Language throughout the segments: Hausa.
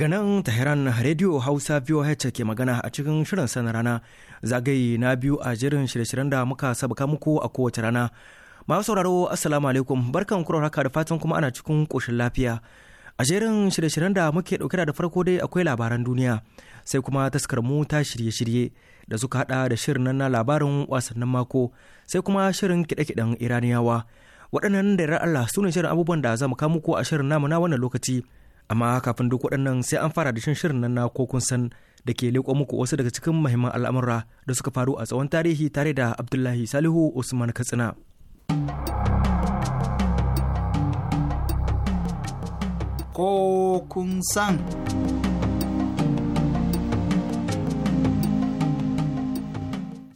Daga nan Tehran Radio Hausa VOH ke magana a cikin shirin sanar rana zagaye na biyu a jirin shirye-shiryen da muka sabuka muku a kowace rana. Masu sauraro Assalamu alaikum barkan kuro haka da fatan kuma ana cikin koshin lafiya. A jerin shirye-shiryen da muke dauke da farko dai akwai labaran duniya sai kuma taskar mu ta shirye-shirye da suka hada da shirin nan na labarin wasannin mako sai kuma shirin kiɗe-kiɗen Iraniyawa. Waɗannan da Allah su ne shirin abubuwan da za mu kawo muku a shirin namu na wannan lokaci. amma kafin duk waɗannan sai an fara da shin shirin nan na ko san da ke leƙo muku wasu daga cikin mahimman al'amura da suka faru a tsawon tarihi tare da abdullahi salihu usman katsina ko san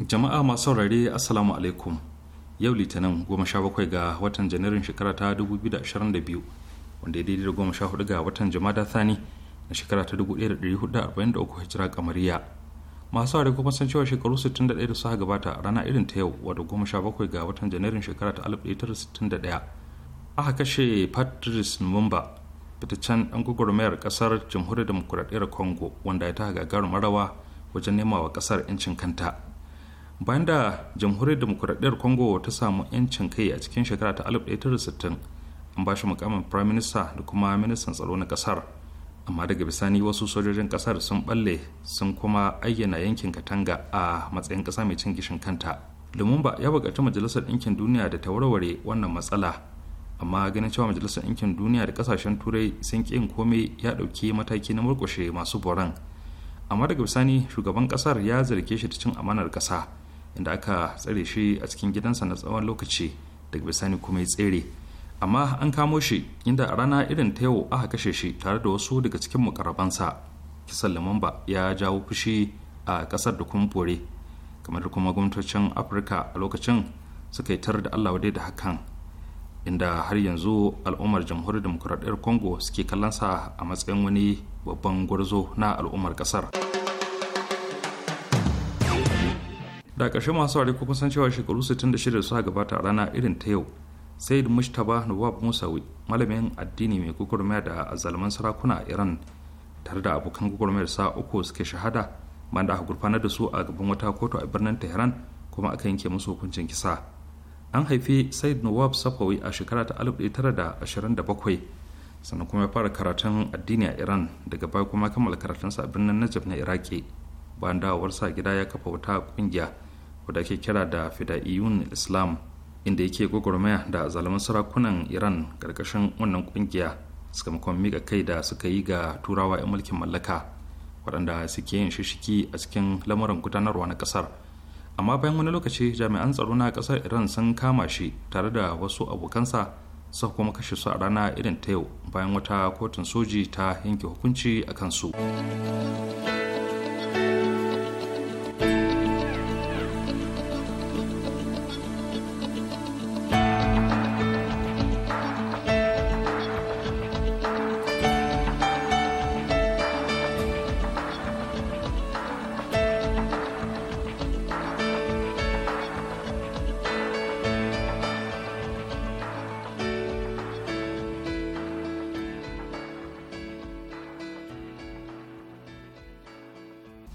jama'a masu saurare assalamu alaikum yau litinin 17 ga watan janairun shekara ta 2022 wanda ya daidai da goma sha hudu ga watan jama'a thani na shekara ta uku hijira kamariya masu ware kuma sun cewa shekaru 61 da suka gabata rana irin ta yau wato bakwai ga watan janairun shekara ta 1961 aka kashe patrice numumba fitaccen ɗan gwagwarmayar ƙasar jamhuriyar demokuraɗiyyar congo wanda ya ta gagarumin marawa wajen nema wa ƙasar 'yancin kanta bayan da jamhuriyar demokuraɗiyyar congo ta samu 'yancin kai a cikin shekara ta 1960 an ba shi mukamin prime minister da kuma ministan tsaro na kasar amma daga bisani wasu sojojin kasar sun balle sun kuma ayyana yankin katanga a matsayin kasa mai cin gishin kanta lumumba ya bukaci majalisar ɗinkin duniya da ta warware wannan matsala amma ganin cewa majalisar ɗinkin duniya da kasashen turai sun yin komai ya ɗauki mataki na murƙushe masu boran amma daga bisani shugaban kasar ya zarge shi da cin amanar kasa inda aka tsare shi a cikin gidansa na tsawon lokaci daga bisani kuma ya tsere amma an kamo shi inda a rana irin ta yau aka kashe shi tare da wasu daga cikin mukarabansa kisan lamamba ya jawo fushi a kasar da kuma bore kamar kuma gwamnatocin afirka a lokacin suka yi tar da allah wadai da hakan inda har yanzu al'ummar jamhuriyar demokuraɗiyar congo suke kallonsa a matsayin wani babban gwarzo na al'ummar kasar. da ƙarshe masu ware kuma san cewa shekaru 66 da suka gabata a rana irin ta yau said mustapha nawab musawi malamin addini mai gugurmaya da azalman sarakuna a iran tare da abokan gugurmayar sa uku suke shahada banda aka gurfanar da su a gaban wata kotu a birnin tehran kuma aka yanke musu hukuncin kisa an haifi said nawab safawi a shekara ta 1927 sannan kuma ya fara karatun addini a iran daga baya kuma kammala karatunsa a birnin najaf na iraki bayan sa gida ya kafa wata kungiya wadda ake kira da fida'iyun islam inda yake gwagwarmaya da zalaman sarakunan iran karkashin wannan kungiya sakamakon mika kai da suka yi ga turawa 'yan mulkin mallaka waɗanda suke yin shishiki a cikin lamarin gudanarwa na ƙasar amma bayan wani lokaci jami'an tsaro na ƙasar iran sun kama shi tare da wasu abokansa su kuma kashe su a rana irin ta yau bayan wata kotun soji ta yanke hukunci a kansu.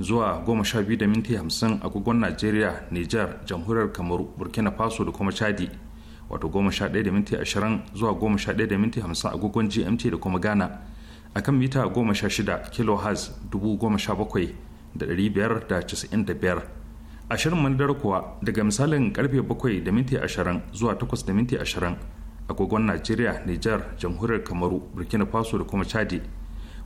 zuwa goma sha biyu da minti agogon najeriya nijar jamhuriyar kamaru burkina faso da kuma chadi wato goma sha ɗaya da zuwa goma sha ɗaya da minti agogon gmt da kuma ghana akan mita goma sha shida kilohertz dubu goma sha bakwai da da da biyar ashirin mandar kuwa daga misalin karfe bakwai da minti ashirin zuwa takwas da minti ashirin agogon najeriya nijar jamhuriyar kamaru burkina faso da kuma chadi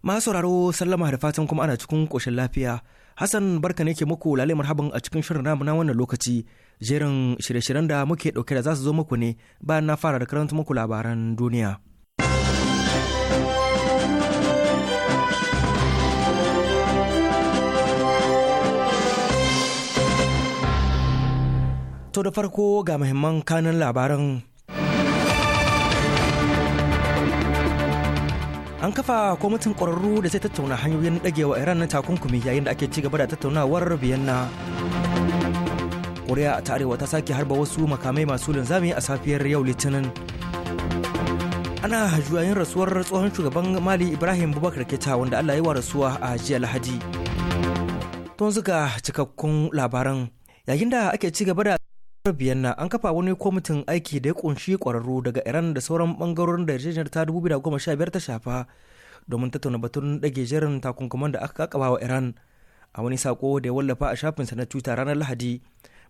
Masu sauraro sallama da fatan kuma ana cikin koshin lafiya. Hassan barka ne ke muku lalimar marhaban a cikin shirin namu na wannan lokaci. Jerin shirye-shiryen da muke dauke da za su zo muku ne bayan na fara da karanta muku labaran duniya. To da farko ga muhimman kanin labaran an kafa kwamitin ƙwararru da zai tattauna hanyoyin ɗagewa iran na takunkumi yayin da ake ci gaba da tattaunawar biyanna koriya ta arewa ta sake harba wasu makamai masu linzami a safiyar yau litinin ana juyayin rasuwar tsohon shugaban mali ibrahim bubakar keta wanda allah yi wa rasuwa a jiya lahadi tun zuga cikakkun labaran yayin da ake ci gaba da biyanna an kafa wani kwamitin aiki da ya kunshi kwararru daga Iran da sauran bangarorin da yarjejeniyar ta 2015 ta shafa domin tattauna batun dage jerin takunkuman da aka kakaba wa Iran a wani sako da ya wallafa a shafinsa na Twitter ranar Lahadi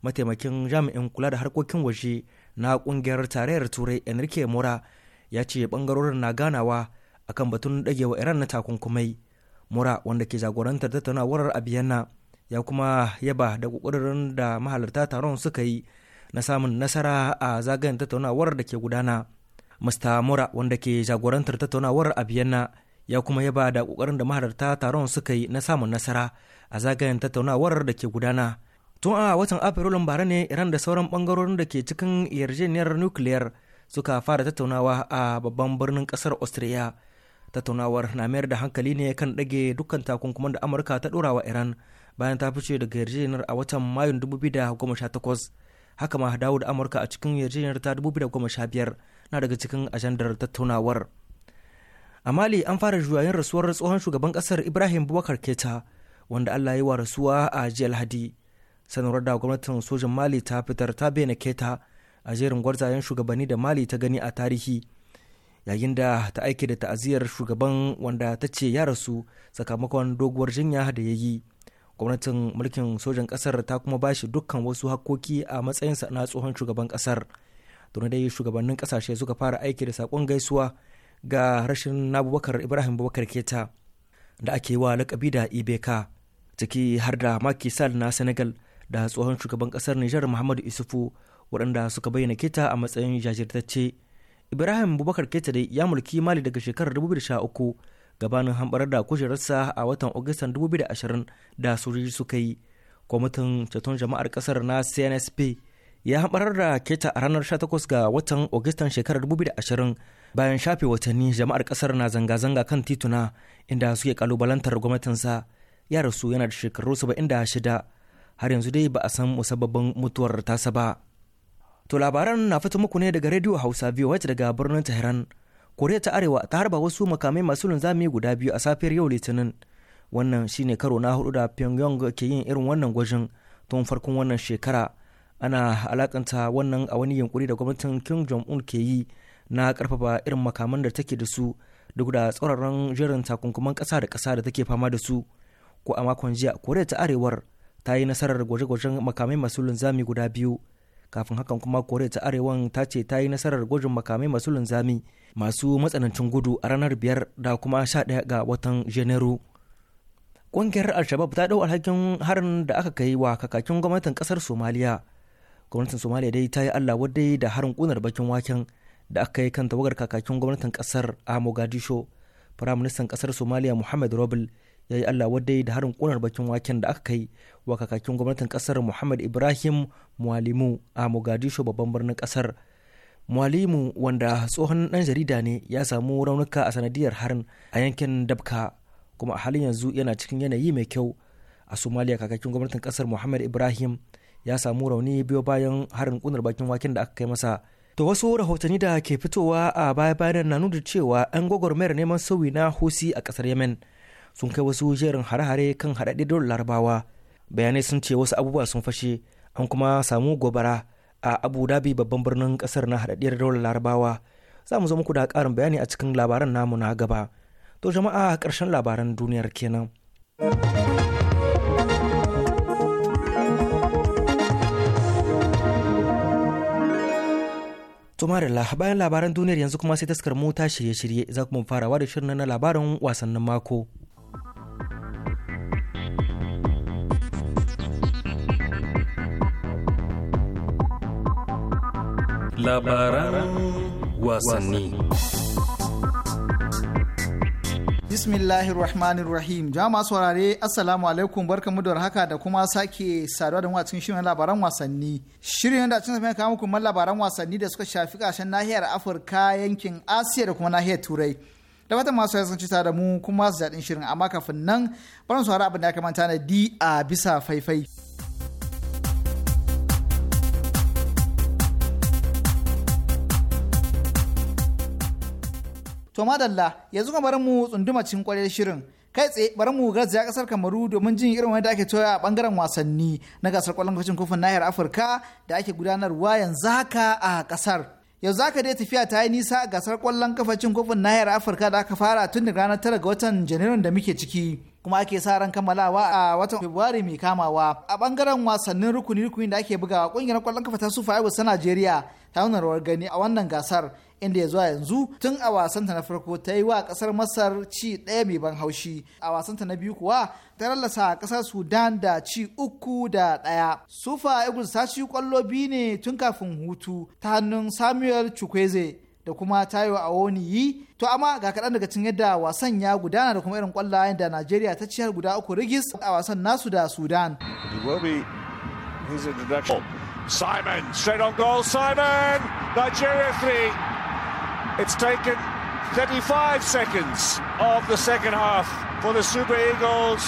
mataimakin jami'in kula da harkokin waje na kungiyar tarayyar Turai Enrique Mora ya ce bangarorin na ganawa akan batun dage wa Iran na takunkumai Mora wanda ke jagorantar tattaunawar a biyanna ya kuma yaba da kokarin da mahalarta taron suka yi na samun nasara a zagayen tattaunawar da ke gudana mr mura wanda ke jagorantar tattaunawar a vienna ya kuma yaba da kokarin da mahalarta taron suka yi na samun nasara a zagayen tattaunawar da ke gudana tun a watan afrilun bara ne iran da sauran bangarorin da ke cikin yarjejeniyar nukiliyar suka fara tattaunawa a babban birnin kasar austria tattaunawar na mayar da hankali ne kan ɗage dukkan takunkuman da amurka ta ɗora wa iran bayan ta fice daga yarjejeniyar a watan mayun 2018 haka ma dawo da amurka a cikin yarjejeniyar ta 2015 na daga cikin ajandar tattaunawar a mali an fara juyayin rasuwar tsohon shugaban kasar ibrahim bubakar keta wanda allah yi wa rasuwa a jiya alhadi sanarwar da gwamnatin sojin mali ta fitar ta bayyana keta a jerin gwarzayen shugabanni da mali ta gani a tarihi yayin da ta aiki da ta'aziyar shugaban wanda ta ce ya rasu sakamakon doguwar jinya da ya yi gwamnatin mulkin sojan kasar ta kuma ba shi dukkan wasu hakkoki a matsayinsa na tsohon shugaban kasar don dai shugabannin kasashe suka fara aiki da sakon gaisuwa ga rashin nabubakar ibrahim bubakar keta da ake wa lakabi da ibeka ciki har da maki sal na Senegal da tsohon shugaban kasar Nijar Muhammadu Isufu waɗanda suka bayyana Keta a matsayin jajirtacce. Ibrahim Bubakar Keta dai ya mulki Mali daga shekarar 2013 gabanin hamɓarar da kujerarsa a watan Agustan 2020 da sojoji suka yi. Kwamitin ceton jama'ar kasar na CNSP ya hamɓarar da keta a ranar 18 ga watan Agustan shekarar 2020 bayan shafe watanni jama'ar kasar na zanga-zanga kan tituna inda suke kalubalantar gwamnatinsa. Ya rasu yana da shekaru 76 har yanzu dai ba a san musabbabin mutuwar tasa ba. To labaran na fito muku ne daga rediyo Hausa biyu wacce daga birnin Tehran. koriya ta arewa ta harba wasu makamai masu linzami guda biyu a safiyar yau litinin wannan shine karo na hudu da pyongyang ke yin irin wannan gwajin tun farkon wannan shekara ana alakanta wannan a wani yunkuri da gwamnatin kim jong un ke yi na karfafa irin makaman da take da su duk da tsoron jirin takunkuman kasa da kasa da take fama da su ko a makon jiya koriya ta arewar ta yi nasarar gwaje-gwajen makamai masu linzami guda biyu kafin hakan kuma koriya ta arewan ta ce ta yi nasarar gwajin makamai masu linzami masu matsanancin gudu a ranar biyar da kuma sha ɗaya ga watan janairu ƙungiyar al-shabab ta ɗau alhakin harin da aka kai wa kakakin gwamnatin ƙasar somaliya gwamnatin somaliya dai ta yi allah wadai da harin kunar bakin waken da aka yi kan tawagar kakakin gwamnatin ƙasar a mogadisho firaministan ƙasar somaliya muhammad robil ya yi allah wadai da harin kunar bakin waken da aka kai wa kakakin gwamnatin kasar muhammad ibrahim mualimu a mogadishu babban birnin kasar mualimu wanda tsohon ɗan jarida ne ya samu raunuka a sanadiyar harin a yankin dabka kuma a halin yanzu yana cikin yanayi mai kyau a somalia kakakin gwamnatin kasar muhammad ibrahim ya samu rauni biyo bayan harin kunar bakin waken da aka kai masa To wasu rahotanni da ke fitowa a baya-bayan na nuna cewa 'yan gwagwarmayar neman sauyi na Husi a ƙasar Yemen sun kai wasu jerin hare-hare kan haɗaɗɗe dole larabawa bayanai sun ce wasu abubuwa sun fashe an kuma samu gobara a abu dhabi babban birnin kasar na haɗaɗɗiyar dole larabawa za mu zo muku da ƙarin bayani a cikin labaran namu na gaba to jama'a ƙarshen labaran duniyar kenan tumarilla bayan labaran duniyar yanzu kuma sai taskar ta shirye-shirye za kuma farawa da shirin na labarin wasannin mako labaran wasanni bismillahir rahmanir rahim jama'a saurare assalamu alaikum barkamu da haka da kuma sake saduwa da mu a cikin shirin labaran wasanni shirin da cikin samiya kawo kuma labaran wasanni da suka shafi kashen nahiyar afirka yankin asiya da kuma nahiyar turai da fatan masu yasan sanci da mu kuma su daɗin shirin amma kafin nan bari su abin da ya kamanta na di a bisa faifai To madalla yanzu kamar mu tsunduma cikin kwarar shirin kai tsaye bari mu garzaya kasar Kamaru domin jin irin da ake toya a bangaren wasanni na gasar kwallon kafin kofin nahiyar Afirka da ake gudanarwa yanzu haka a kasar. yau za ka dai tafiya ta yi nisa a gasar kwallon kafacin kofin nahiyar afirka da aka fara tun da ranar tara ga watan janairun da muke ciki kuma ake sa ran kammalawa a watan februari mai kamawa a bangaren wasannin rukuni rukuni da ake bugawa kungiyar kwallon kafa ta sufa sa najeriya ta nuna rawar gani a wannan gasar inda ya zuwa yanzu tun a wasanta na farko ta yi wa kasar masar ci ɗaya mai ban haushi a wasanta na biyu kuwa ta lallasa kasar sudan da ci uku da ɗaya sufa eagles ta kwallo biyu ne tun kafin hutu ta hannun samuel Chukwueze da kuma tayo a woni yi to amma ga kaɗan daga cin yadda wasan ya gudana da kuma irin kwallayen da najeriya ta ciyar guda uku rigis a wasan nasu da sudan Simon straight on goal Simon Nigeria It's taken 35 seconds of the second half for the Super Eagles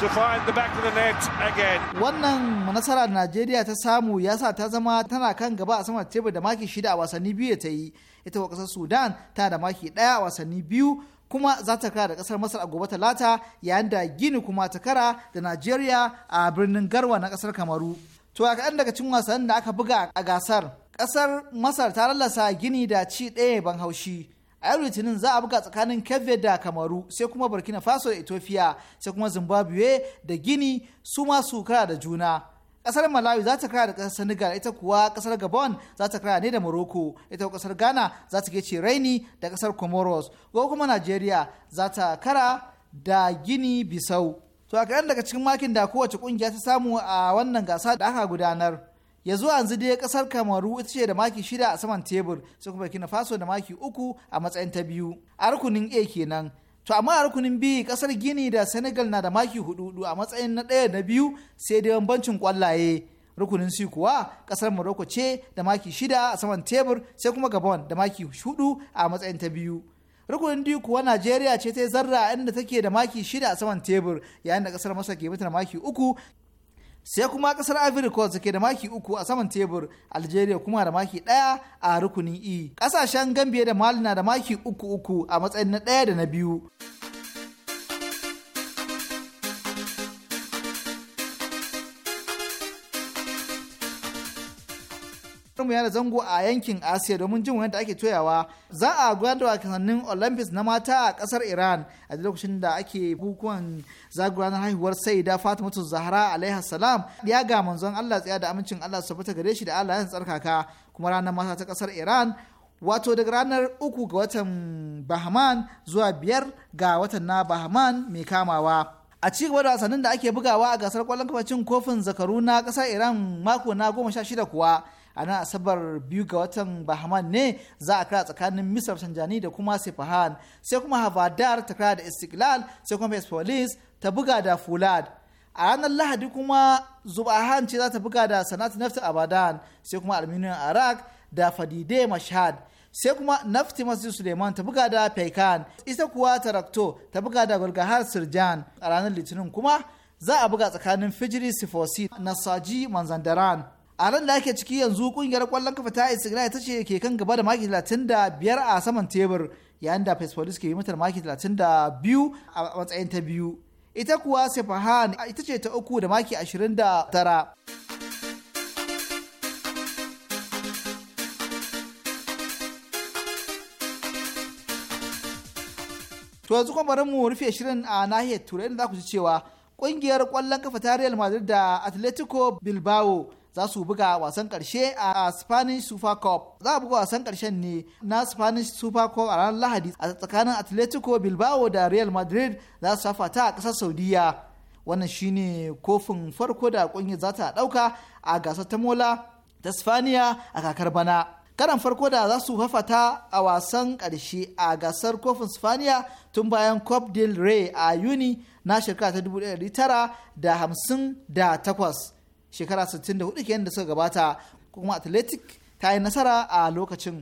to find the back of the net again. Wannan nasara da Najeriya ta samu ya sa ta zama tana kan gaba a saman tebur da maki shida a wasanni biyu ta yi. Ita wa ƙasar Sudan ta da maki ɗaya a wasanni biyu kuma za ta kara da ƙasar Masar a gobe talata yayin da Gini kuma ta kara da Najeriya a birnin Garwa na ƙasar Kamaru. To a kaɗan daga cin wasannin da aka buga a gasar. Ƙasar Masar ta lallasa Gini da ci ɗaya ban haushi. A yau Litinin za a buga tsakanin Kebbi da Kamaru sai kuma Burkina Faso da Ethiopia sai kuma Zimbabwe da Gini su ma su kara da juna. Ƙasar Malawi za ta kara da ƙasar Senegal ita kuwa ƙasar Gabon za ta kara ne da Morocco ita ƙasar Ghana za ta gece Raini da ƙasar Comoros ko kuma Najeriya za ta kara da Gini Bisau. To a kaɗan daga cikin makin da kowace ƙungiya ta samu a wannan gasa da aka gudanar. ya zo yanzu dai kasar kamaru ita ce da maki shida a saman tebur sai kuma burkina faso da maki uku a matsayin ta biyu a rukunin a kenan to amma a rukunin b kasar gini da senegal na da maki hudu a matsayin na ɗaya na biyu sai dai bambancin kwallaye rukunin c kuwa kasar morocco ce da maki shida a saman tebur sai kuma gabon da maki hudu a matsayin ta biyu rukunin d kuwa najeriya ce ta zarra inda take da maki shida a saman tebur yayin da kasar masa ke mata da maki uku sai kuma kasar ivory coast ke da maki uku a saman tebur algeria kuma da maki ɗaya a rukunin e ƙasashen gambia da mali na da maki uku uku a matsayin na ɗaya da na biyu mu yana zango a yankin Asiya domin jin wanda ake toyawa. Za a gudanar da wasannin Olympics na mata a kasar Iran a lokacin da ake bukukuwan zaguranar haihuwar Saida Fatimatu Zahra alaiha salam ya ga manzon Allah tsaya da amincin Allah su fita gare shi da Allah ya tsarkaka kuma ranar mata ta kasar Iran wato daga ranar uku ga watan Bahman zuwa biyar ga watan na Bahman mai kamawa. a ci gaba da wasannin da ake bugawa a gasar kwallon kafacin kofin zakaru na kasar iran mako na goma sha shida kuwa a nan asabar biyu ga watan Bahaman ne za a kira tsakanin misar tanjani da kuma sefahan sai kuma havadar ta kira da istiklal sai kuma police ta buga da fulad a ranar lahadi kuma zubahan ce za ta buga da sanat nafti abadan sai kuma aluminium arak da fadide mashad sai kuma nafti masjid suleiman ta buga da peikan ita kuwa tarakto ta buga da gulgahar sirjan a ranar litinin kuma za a buga tsakanin fijiri sifosi na saji manzandaran a nan da ake ciki yanzu kungiyar kwallon kafa ta istiklal ita ce ke kan gaba da maki 35 a saman tebur yayin da fesfolis ke yi mata maki 32 a matsayin ta biyu ita kuwa sefahan ita ce ta uku da maki 29 To yanzu kuma mu rufe shirin a nahiyar turai da za ku ji cewa kungiyar kwallon kafa ta Real Madrid da Atletico Bilbao za su buga wasan karshe a Spanish Super Cup. Za a buga wasan ƙarshen ne na Spanish Super Cup a ranar Lahadi a tsakanin Atletico Bilbao da Real Madrid za su safa ta a ƙasar Saudiya. Wannan shine kofin farko da ƙungiyar za ta ɗauka a gasar ta mola ta Spaniya a kakar bana. karan farko da za su hafata a wasan ƙarshe a gasar kofin spaniya tun bayan cop del rey a yuni na shekara ta 1958 shekara 64 kenan da suka gabata kuma atletic ta yi nasara a lokacin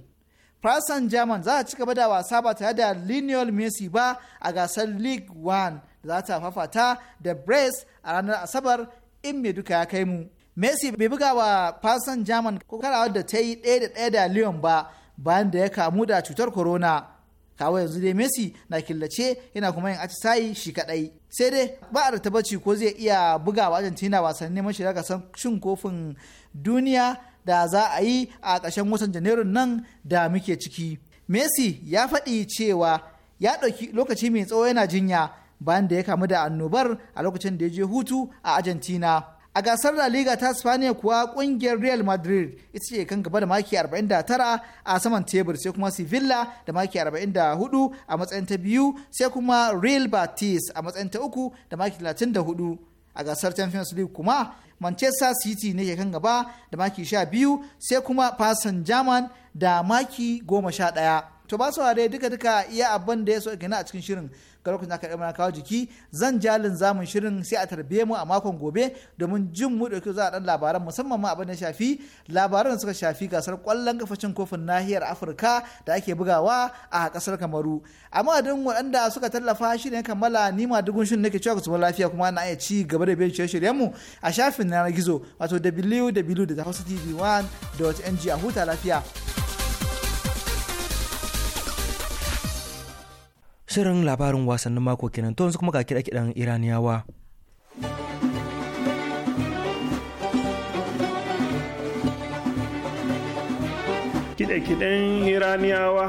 Faransan German za ta ci gaba da wasa ba tare da Lionel Messi ba a gasar League One da za ta fafata da Brest a ranar Asabar in mai duka ya kai mu. Messi bai buga wa Faransan German ko karawar da ta yi ɗaya da ɗaya da Lyon ba bayan da ya kamu da cutar corona. kawo yanzu dai messi na killace yana kuma yin atisayi shi kadai sai dai ba a bacci ko zai iya buga bugawa argentina wasannin neman shiga gasar cin kofin duniya da za a yi a ƙarshen watan janairun nan da muke ciki messi ya faɗi cewa ya ɗauki lokaci mai tsawo yana jinya bayan da ya kamu da annobar a lokacin da ya je hutu a argentina a gasar La Liga ta Spaniya kuwa kungiyar Real Madrid ita ce kan gaba da maki 49 a saman tebur sai kuma Sevilla da maki 44 a matsayin ta biyu sai kuma Real batis a matsayin ta uku da maki 34 a gasar Champions League kuma Manchester City ne ke kan gaba da maki 12 sai kuma fasan german da maki 11. to ba su dai duka duka iya abin da ya so na a cikin shirin ga lokacin aka ɗaya kawo jiki zan jalin zamun shirin sai a tarbe mu a makon gobe domin jin mu dauke za a dan labaran musamman ma abin da shafi labaran suka shafi gasar kwallon kafacin kofin nahiyar Afirka da ake bugawa a kasar Kamaru amma don waɗanda suka tallafa shi ne kammala ni ma dugun shirin nake cewa ku lafiya kuma na iya ci gaba da bincike shiryen mu a shafin na gizo wato www.hausatv1.ng a huta lafiya. shirin labarin wasannin mako kenan to yanzu kuma ga kiɗa-kiɗan iraniyawa kiɗe-kiɗen iraniyawa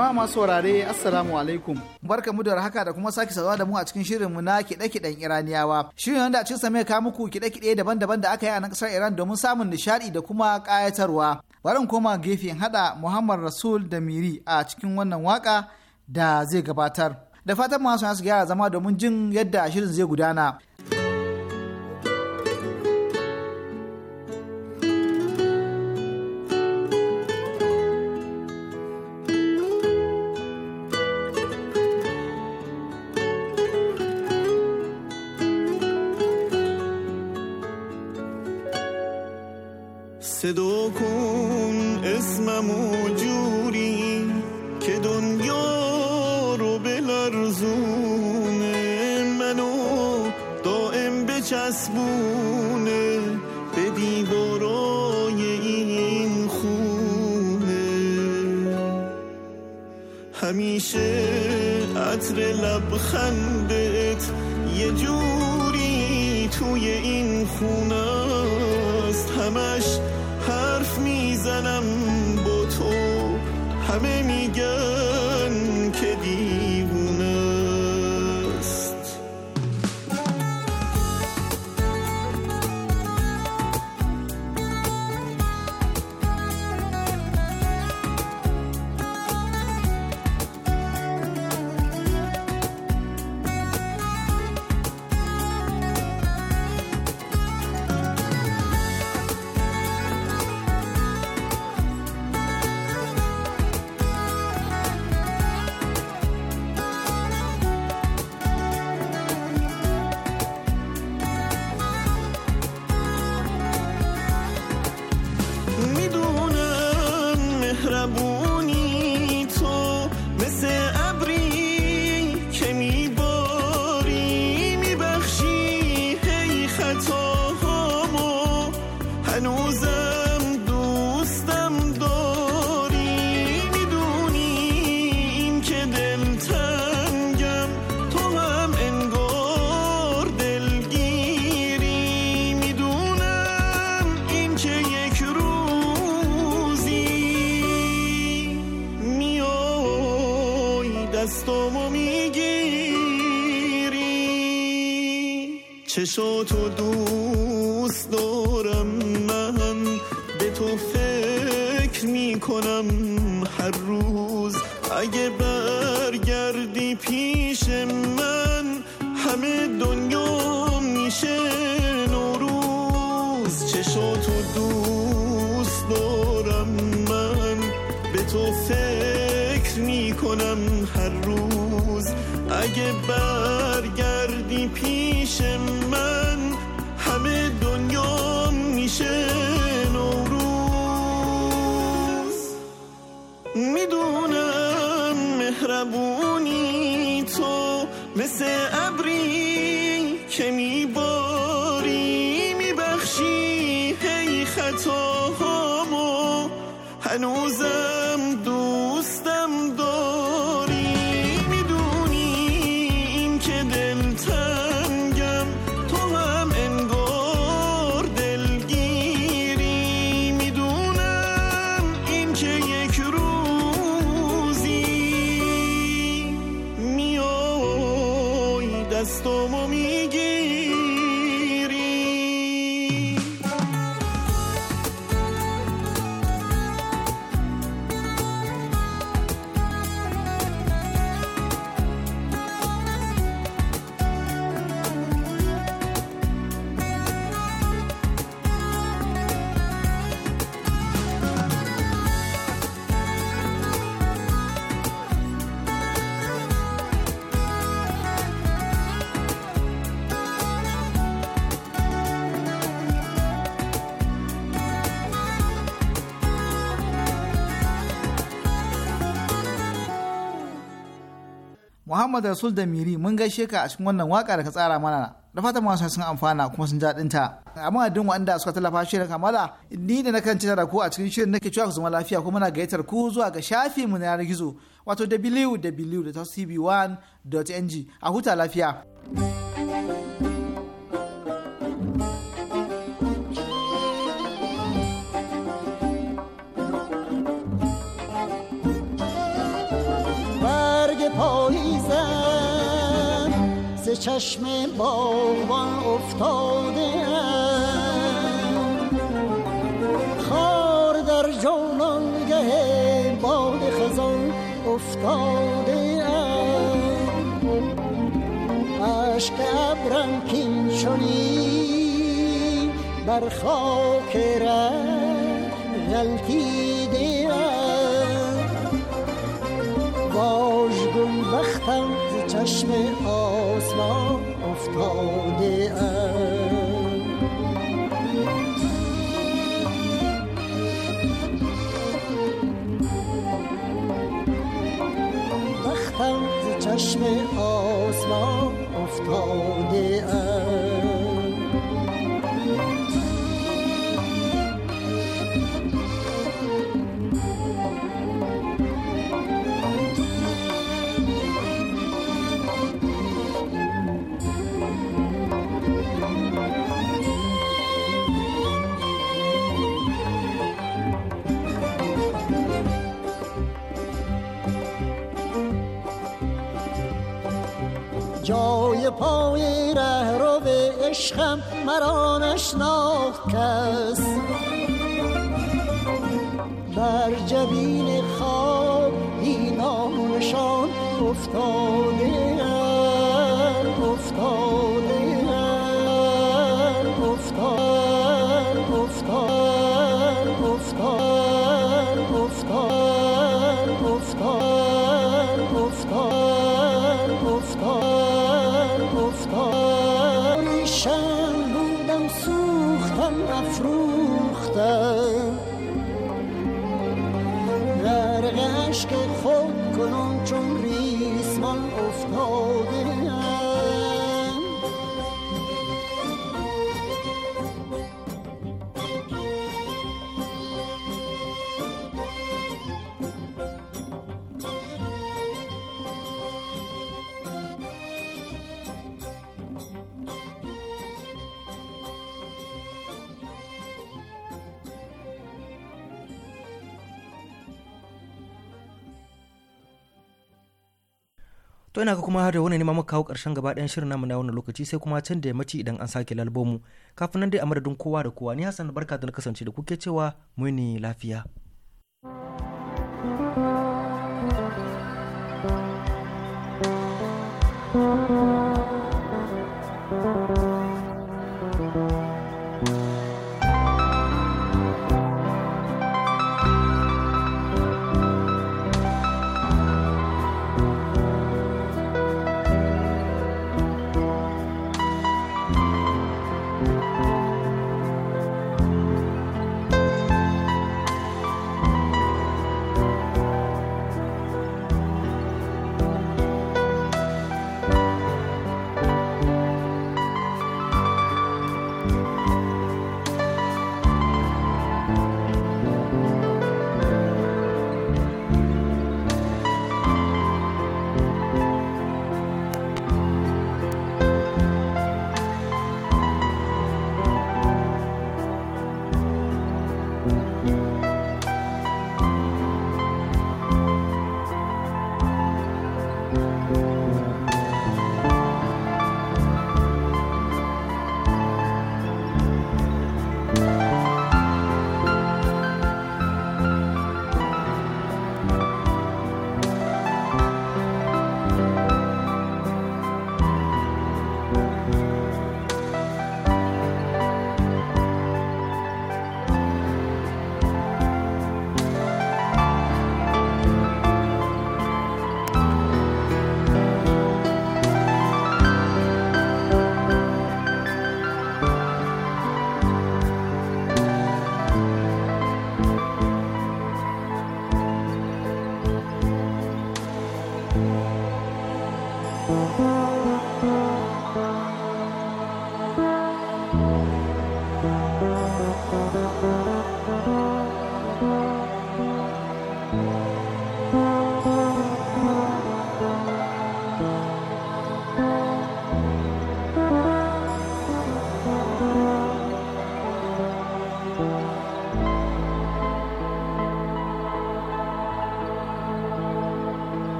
Jama'a masu saurare Assalamu alaikum. Barka mu da haka da kuma sake sauwa da mu a cikin shirin mu na kiɗe-kiɗen Iraniyawa. Shirin wanda a cikin samai ka muku kiɗe-kiɗe daban-daban da aka yi a nan ƙasar Iran domin samun nishaɗi da kuma ƙayatarwa. Barin koma gefen haɗa Muhammad Rasul da Miri a cikin wannan waka da zai gabatar. Da fatan masu su gyara zama domin jin yadda shirin zai gudana. عطر لبخندت یه جوری توی این خونه است همش حرف میزنم با تو همه میگن تو فکر میکنم هر روز اگه برگردی پیش من Muhammad Rasul da Miri mun gaishe ka a cikin wannan waka da ka tsara mana. Da fatan masu sun amfana kuma sun jaɗin ta. Amma adin waɗanda suka tallafa shirin kamala ni da nakan ci da ku a cikin shirin nake cewa ku zama lafiya kuma na gayyatar ku zuwa ga shafi mu na yanar gizo wato www.tv1.ng a huta lafiya. چشم باغبان افتاده خار در جولان گه باد خزان افتاده عشق عبرم کین بر خاک ره غلطیده واژگون بختم چشم آسمان افتاده ام وقتم ز چشم آسمان افتاده ام پای ره رو به عشقم مرا نشناخت کس بر جبین خواب این نشان افتاد to ina ga kuma da wani ne muka kawo karshen gaba ɗayan shirin namu na wannan lokaci sai kuma can da mace idan an sake lalbomu kafin nan dai a madadin kowa da kowa ni Hassan barka da na kasance da kuke cewa muni lafiya